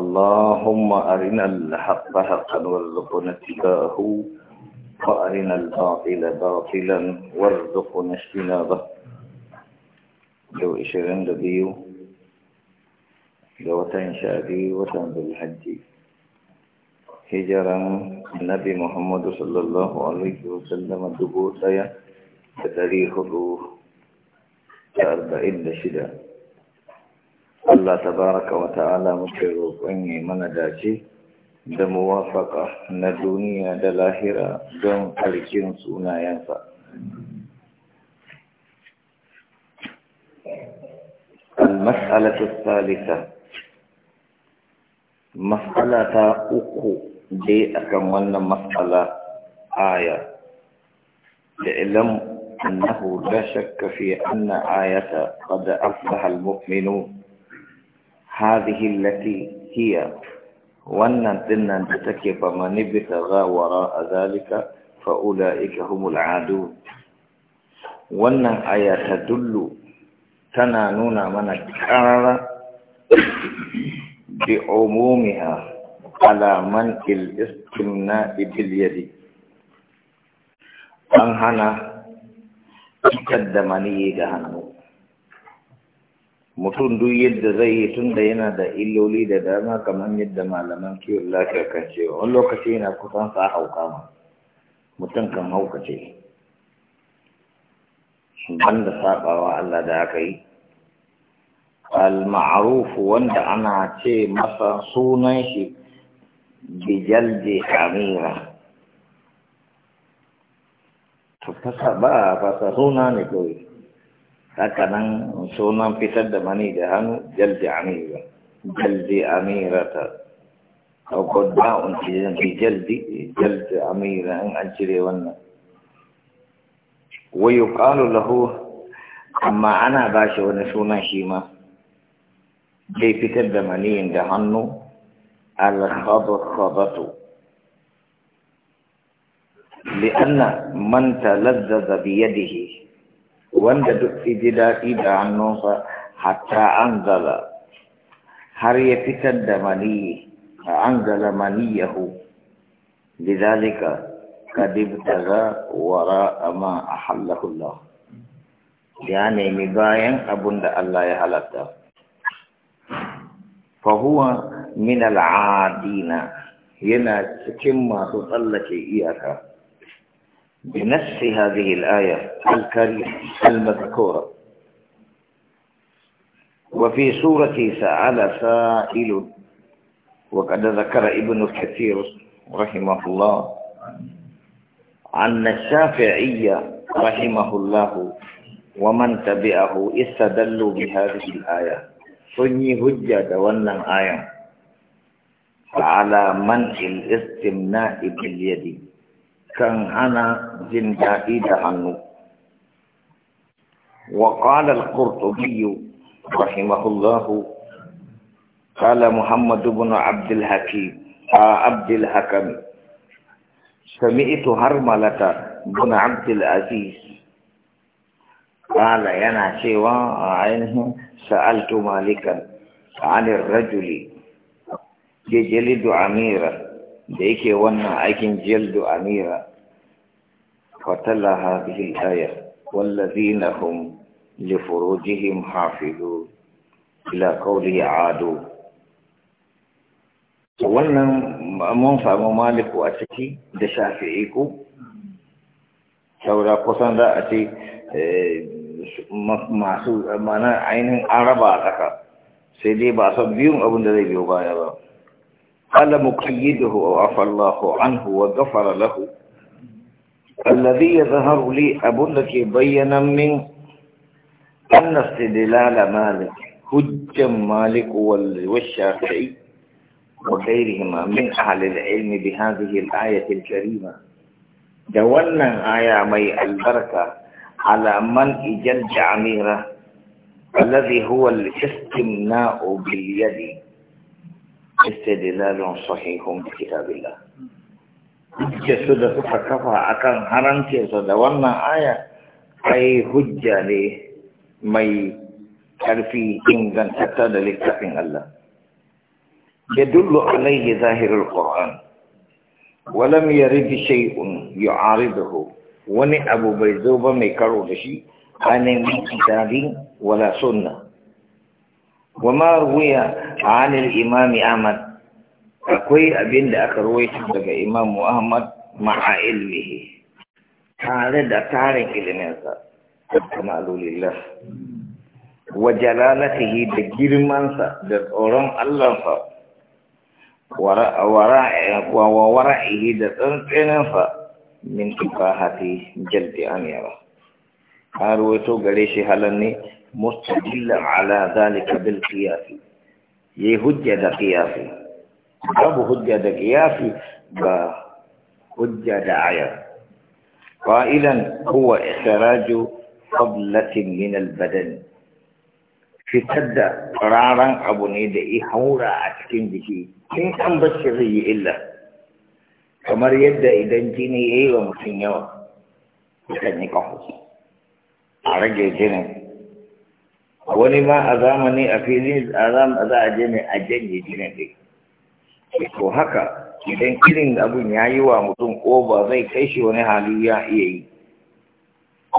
اللهم أرنا الحق حقا وارزقنا اتباعه وأرنا الباطل باطلا وارزقنا اجتنابه لو إشرين لبيو لو تنشادي وتنبي الحج هجرا النبي محمد صلى الله عليه وسلم الدبوسية ليا تدريه الروح أربعين شدة Allah tabaraka wa ta'ala muke roƙon yi mana dace da muwafaka na duniya da lahira don ƙarƙin sunayensa. المسألة الثالثة مسألة أكو دي أكملنا مسألة آية اعلم أنه لا شك في أن آية قد أصبح المؤمنون هذه التي هي وننتن تتكب من ابتغى وراء ذلك فأولئك هم العادون ونن آية تدل تنانون من الكرر بعمومها على من الاستمناء باليد أنهنا تقدمني جهنم mutum duk yadda zai yi tun da yana da illoli da dama kamar yadda malaman kiwon lafiya kan cewa wani lokaci yana kusan sa hauka ma mutum kan haukace ban da saɓawa Allah da aka yi al-ma'arufu wanda ana ce masa sunan shi bijal je kamira to fasa ba fasa suna ne kawai كان سونا في سد ماني جهان جلد عميرة جلد أميرة أو قد باء في جلد جلد أميرة أن أجري ون ويقال له أما أنا باش ونسونا شيما جي في سد ماني جهان الخضخضة لأن من تلذذ بيده wanda duk ji daɗi da hannunsa hatta anzala har ya fitar da maniyi anzala maniyahu lidalika kadib ibtaga wara ama ahallahu Allah ya nemi bayan abunda Allah ya halatta fa huwa min al-adina yana cikin masu tsallake iyaka بنفس هذه الآية الكريمة المذكورة وفي سورة سأل سائل وقد ذكر ابن كثير رحمه الله أن الشافعي رحمه الله ومن تبعه استدلوا بهذه الآية سني هجة ولنا آية على منع الاستمناء باليد كان أنا jin daɗi da وقال القرطبي رحمه الله قال محمد بن عبد الحكيم آه، عبد الحكم سمعت هرملة بن عبد العزيز قال ينا سوى عينه سألت مالكا عن الرجل يجلد عميرا da yake wannan aikin jildu amira fatallaha hadhihi ayar aya wallazina hun li furujihim hafizu ila ya adu wannan mun samu maliku a ciki da shafi ko saura kusan za a ce eh, masu mana ainihin araba a tsaka sai dai ba a san biyun abin da zai biyo baya ba قال مقيده وعفى الله عنه وغفر له الذي يظهر لي لك بينا من أن استدلال مالك حجة مالك والشافعي وغيرهما من أهل العلم بهذه الآية الكريمة دولنا آية مي البركة على من جلد عميرة الذي هو الاستمناء باليد Mesiti da za a don sosai, da suka kafa akan kan haramte su da wannan aya, sai ya hujjade mai ƙarfin inganta da littafin Allah. Bia duk do alaiki a zahirar Kur'an. Walamya ridi shai'un ya ari wani abu bai zo ba mai karo da shi, a nemi wala son wa ma ruwiya anil imami Ahmad akwai abin da aka ruwaita daga imam Muhammad ma'a ilmihi tare da tarin iliminsa kama alulillah wa jalalatihi da girmansa da tsoron Allahnsa wa wara'ihi da tsantsinansa min tukahati jaldi amira an ruwaito gare shi halar ne مستدل على ذلك بالقياس یہ حجہ دا قیاسی جب حجہ دا قائلا هو اخراج قبلة من البدن في تدى قرارا أبو دا ايهورا اتكين بشي كن كان بشري إلا كمر يدى ايدن جيني ايه ومسنيوه وكان نكحوه على جيجنه wani ma a zamani a fili za a je ne a janye jinin ɗin ko haka idan irin abin ya yi wa mutum ko ba zai kai shi wani hali ya iya yi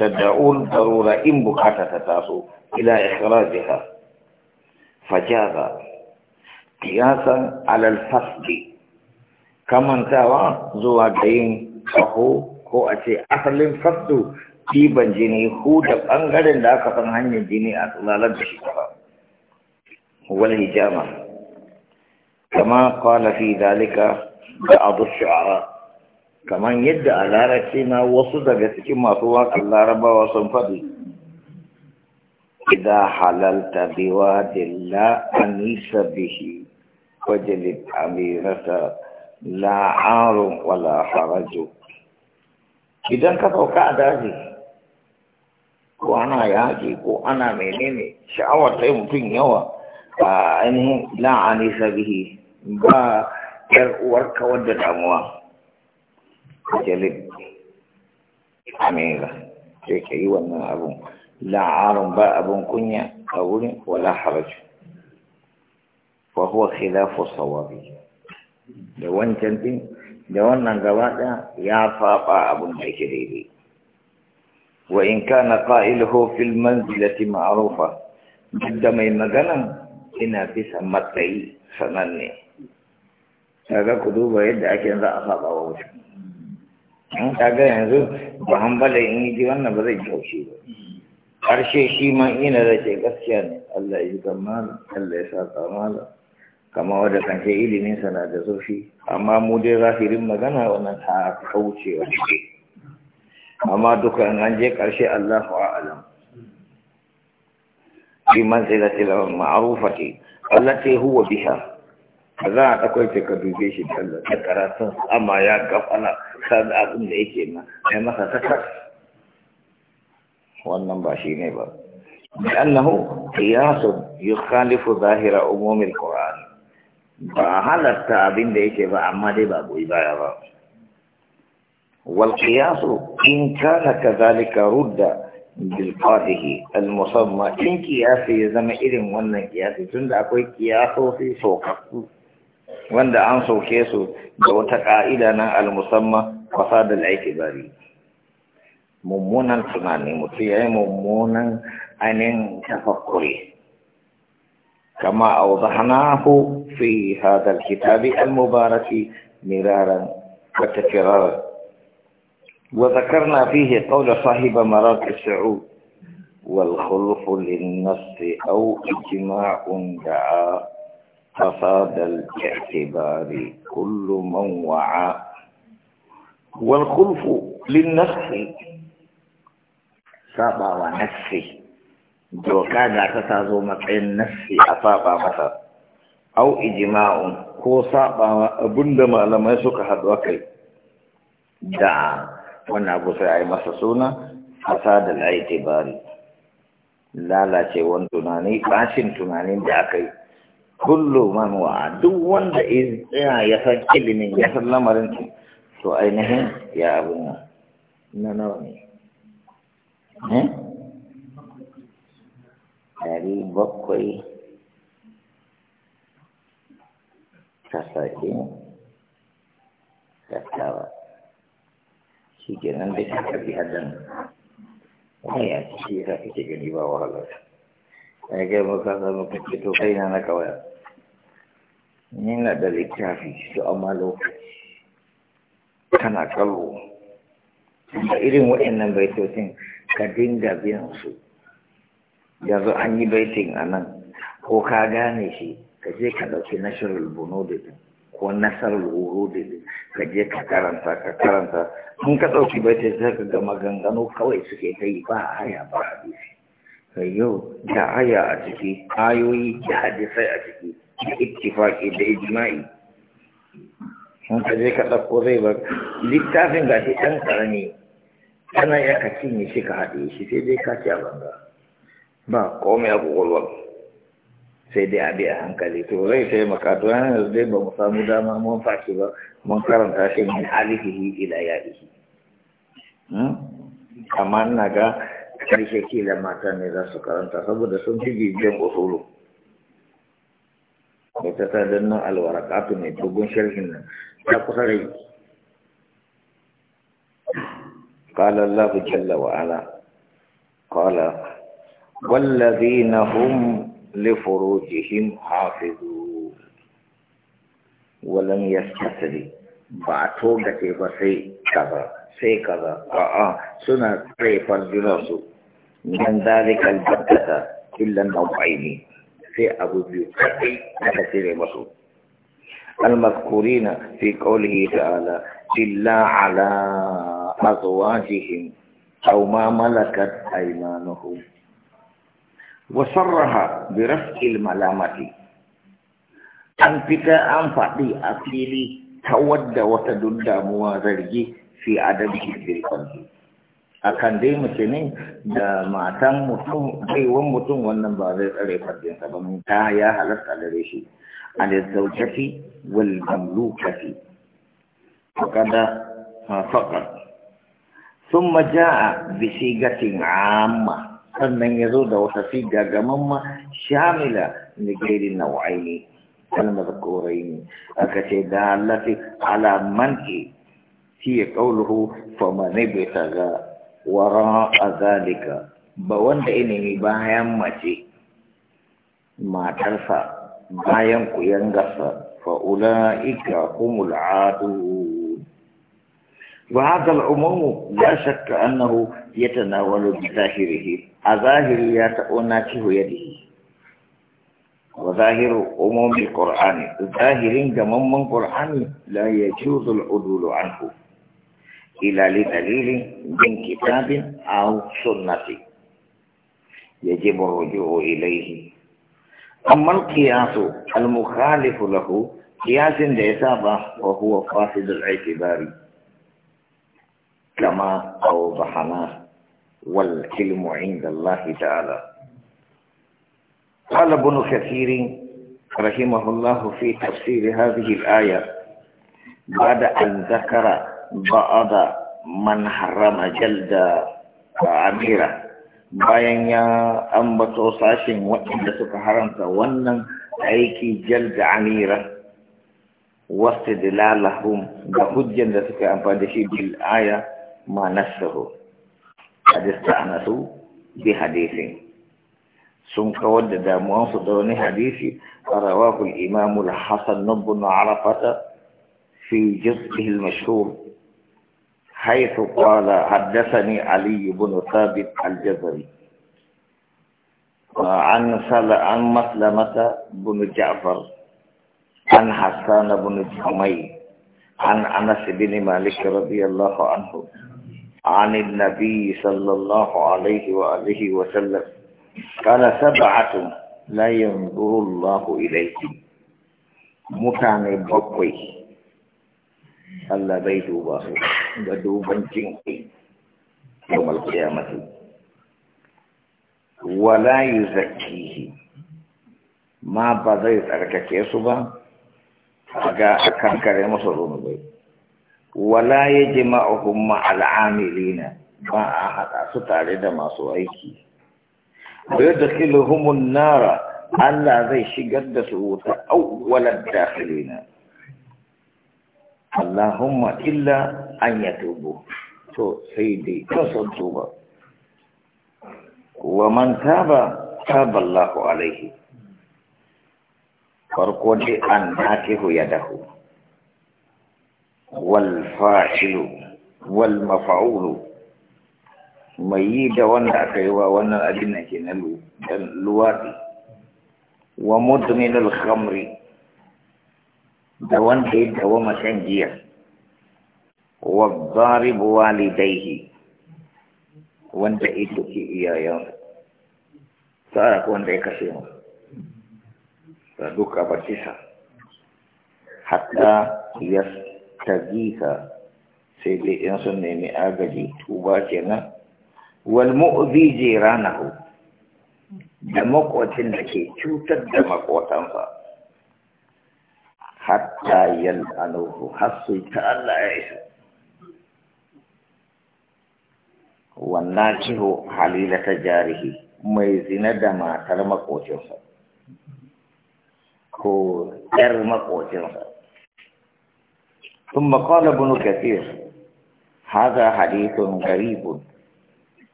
tadda'un darura in bukata ta taso ila ikhrajiha fajaza qiyasan alal fasdi kamantawa zuwa ga yin kaho ko a ce asalin fasdu ɗiban jini da ɓangaren da aka san hanyar jini a tsalalar da shi kafa wani hijama kama kwana fi dalika da abu shu'ara kamar yadda a larace na wasu daga cikin masu wakan larabawa sun faɗi idan halalta biwa dilla anisa bihi wajen amirata la'arun wala harajo idan ka sauka a daji ana yaƙi ko ana menene sha'awar ta yi mutum yawa a ainihin la'ani sabihi ba yar uwar kawar da damuwa jalib amira sai ka yi wannan abun la'arun ba abun kunya a wurin wala haraju wa huwa khilafu sawabi da wancan din da wannan gaba ɗaya ya faɓa abun da yake daidai Wa in kana qa'iluhu fil manzilati ma'rufa جد mai magana ina bisa matsayi sananne kaga ku duba yadda ake yanzu a saba wa wuta in kaga yanzu ba hambala in yi ji wannan ba zai kyauce ba karshe shi ma ina da ke gaskiya ne Allah ya yi kamala Allah ya sa kamala kama wadda kan ce ilimin sana da zofi amma mu dai zahirin magana wannan ta kauce wa ciki amma duka in an je karshe allahu wa alam. Bi man sila sila ma'arufa ce, Allah huwa biha, ba za a ɗakwai ce ka dube shi da Allah, ta kara sun sama ya gafana kan abin da yake na, ai masa takar. Wannan ba shi ne ba. Bi annahu qiyasu yukhalifu zahira umumil Qur'an. Ba halatta abin da yake ba amma dai ba goyi baya ba. والقياس إن كان كذلك رد بالقاده المصمم إن قياس يزم إذن وانا قياس تند أكوي قياس في سوق وانا أنسو كيس دو تقائلنا المصمم قصاد الاعتبار ممونا سناني متيعي ممونا أن تفكري كما أوضحناه في هذا الكتاب المبارك مرارا وتكرارا وذكرنا فيه قول صاحب مراكز السعود والخلف للنص أو اجماع دعا فصاد الاعتبار كل من وعى والخلف للنص سابع ونفسي doka da ta tazo matsayin nassi a أو اجماع au ijma'un ko sabawa abinda malamai suka haɗu kai wannan abu sai a yi masa suna fasa da laite bari lalacewan tunani bashin tunanin da aka yi kullu man duk wanda ya ya san ilimin ya san lamarin su to ainihin ya abin na nawa ne eh dari bakwai kasashe kasawa shi kenan da ta karbi hadan wani ya ci shi ta kake gani ba wahala ai kai maka zama kake to kai na na kawai ni na da littafi su amma lokaci kana kallo da irin waɗannan baitocin ka dinga biyan su yanzu an yi baitin a nan ko ka gane shi ka je ka ɗauki National bono da Wa nasarar horo ka je ka karanta ka karanta in ka ɗauki baita ta zaka ga maganganu kawai suke ta yi ba aya ba hadisi yau da aya a ciki ayoyi da hadisai a ciki da ittifaqi da ijma'i in ka je ka ɗauko zai ba littafin ga shi ɗan ƙarami kana iya ka cinye shi ka haɗe shi sai dai ka ci a banga ba komai a kwakwalwa sai dai abi a hankali to zai taimaka to yana yanzu zai ba mu samu dama mun fashi ba mun karanta shi min alihihi ila ya'ihi hmm? amma ina ga karshe kila mata ne za su karanta saboda sun fi bibiyan usulu da ta sadar nan alwarakatu mai dogon sharhin nan ta kusa rai قال الله جل وعلا قال والذين هم liforo jihim hafizu walin ya satiri ba to gace ba sai kaza a'a suna tsaye farjinarsu nan zarikar bakata killan nan sai abu biyu kaɗai aka tsere masu almaskurina fi ƙaunihi ta'ala illa ala azuwajihim au ma malakat aimanuhu wasarraha bi raf'il malamati an fita an faɗi a fili ta wadda wata dundamuwa zargi fi adalci bil qalbi akan dai mutum ne da matan mutum baiwan mutum wannan ba zai tsare fardinsa ba mun ta ya halarta da shi an zaujati wal mamlukati fakada faqat ثم جاء بصيغة Amma. sannan ya zo da wata fi gagamamma shamila na gairi na wa'ini kalmar korai ne aka ce da lafi ala manke fi kauluhu fama ne bai taga waran azalika ba wanda inini bayan mace matarsa bayan kuyan gasa fa'ula ika kuma al'adu وهذا العموم لا شك أنه يتناول بظاهره أظاهر يتأوناته يده وظاهر عموم القرآن ظاهر من القرآن لا يجوز العدول عنه إلا لدليل من كتاب أو سنة يجب الرجوع إليه أما القياس المخالف له قياس ليس وهو فاسد الاعتبار كما أوضحناه والعلم عند الله تعالى قال ابن كثير رحمه الله في تفسير هذه الآية بعد أن ذكر بعض من حرم جلد أميرة bayan ya ambato sashen waɗanda suka haramta wannan aiki jalda amira wasu da lalahun da hujjan da suka amfani da shi bil aya ما نفسه قد استعنسوا بحديث سنكوا داموان al حديث رواه الإمام الحسن بن عرفة في جزءه المشهور حيث قال حدثني علي بن ثابت الجزري عن سل عن مسلمة بن جعفر عن حسان بن جمي عن أنس بن مالك رضي الله عنه عن النبي صلى الله عليه وآله وسلم قال سبعة لا ينظر الله إليكم متعني بقوي الله بيدوبا بدو جنكي يوم القيامة ولا يزكيه ما بذيت أركك يسوبا أكا أكا كريم صلى الله عليه wala ya jima'uhum ma'al amilina ba a haɗa su tare da masu aiki bai da kiluhumun nara Allah zai shigar da su wuta awwalar dakilina Allahumma illa an ya tubu to sai dai ta sun tuba wa man taba taba Allahu alaihi farko dai an dakihu ya dahu walfa’ilu walmafa’ulu mai yi da wanda aka yi wa wannan abin na ke na luwaɗi wa mutuminul hamri da wanda ya dawo masan giya wa zaribu walidaihi wanda ita ke iyayen tsara ko wanda ya kashe mu da ba kisa hatta ya ta ka, sai dai in sun nemi agaji tuba kenan wal mu'zi jiranahu da makwacin da ke cutar da makwatansa hatta yal'anuhu har su ta Allah ya isa wannan kiho halila ta jarihi mai zina da matar makocinsa ko 'yar makocinsa ثم قال ابن كثير هذا حديث غريب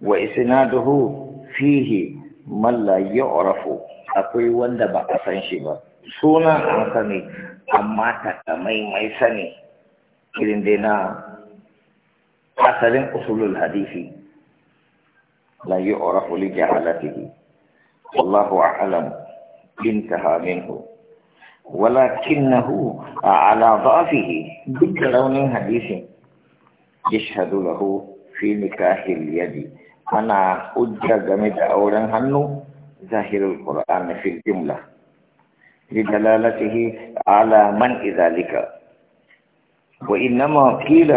وإسناده فيه من لا يعرف أقوي وند بقصن شبا سونا عن سني أما تكمي مي سني إذن دينا أصل أصول الحديث لا يعرف لجهالته والله أعلم انتهى منه ولكنه على ضعفه بكلون حديث يشهد له في نكاح اليد أنا أجا جمد أولا هنو ظاهر القرآن في الجملة لدلالته على من ذلك وإنما قيل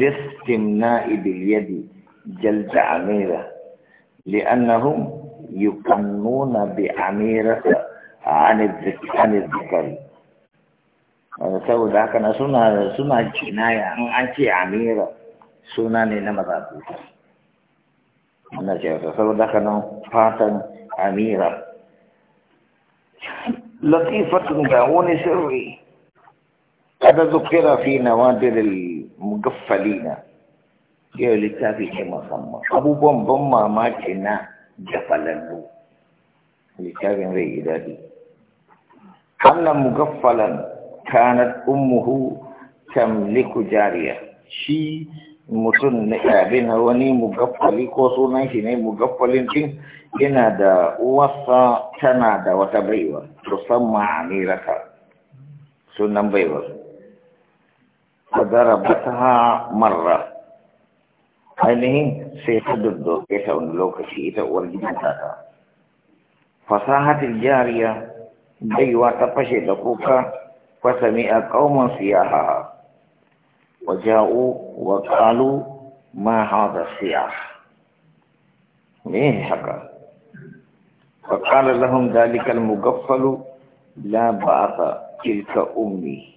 لاستمناء باليد جلد عميرة لأنهم يقنون بعميرة عن الذكر عن saboda haka na suna suna kinaya an an ce amira suna ne na mazaɓu wannan ce wata saboda haka nan fatan amira latifatun ga wani sirri kada zukira fi nawadirin na yau littafi ne musamman abubuwan ban mamaki na jafalallu littafin zai yi daɗi hannan mugaffalan kanat ummuhu tamliku jariya shi mutum na abin wani mugaffali ko sunan shi ne mugaffalin din yana da wasa tana da wata baiwa musamman amirata sunan baiwar fadara bata marra ainihin sai ta duddoke ta wani lokaci ita uwar gidan ta fasahatin jariya baiwa ta fashe da kuka fasami a kauman siyaha wa ja'u wa kalu ma haɗa siya. me haka wa qala lahun dhalika mu gafalu la ba'atha tilka ummi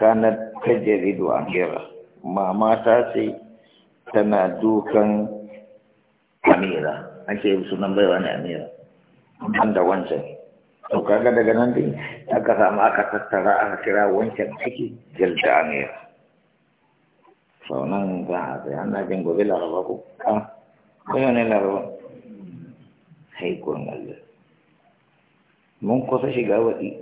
jaridu a akhira mama ta ce tana dukan amira ake sunan baiwa ne amira da wancan to kaga daga nan dai aka samu aka tattara aka kira wancan ciki jalda ne sau nan za a tsaye ana jin gobe laraba ko a ah, kuma ne laraba sai kun Allah mun kusa shiga waɗi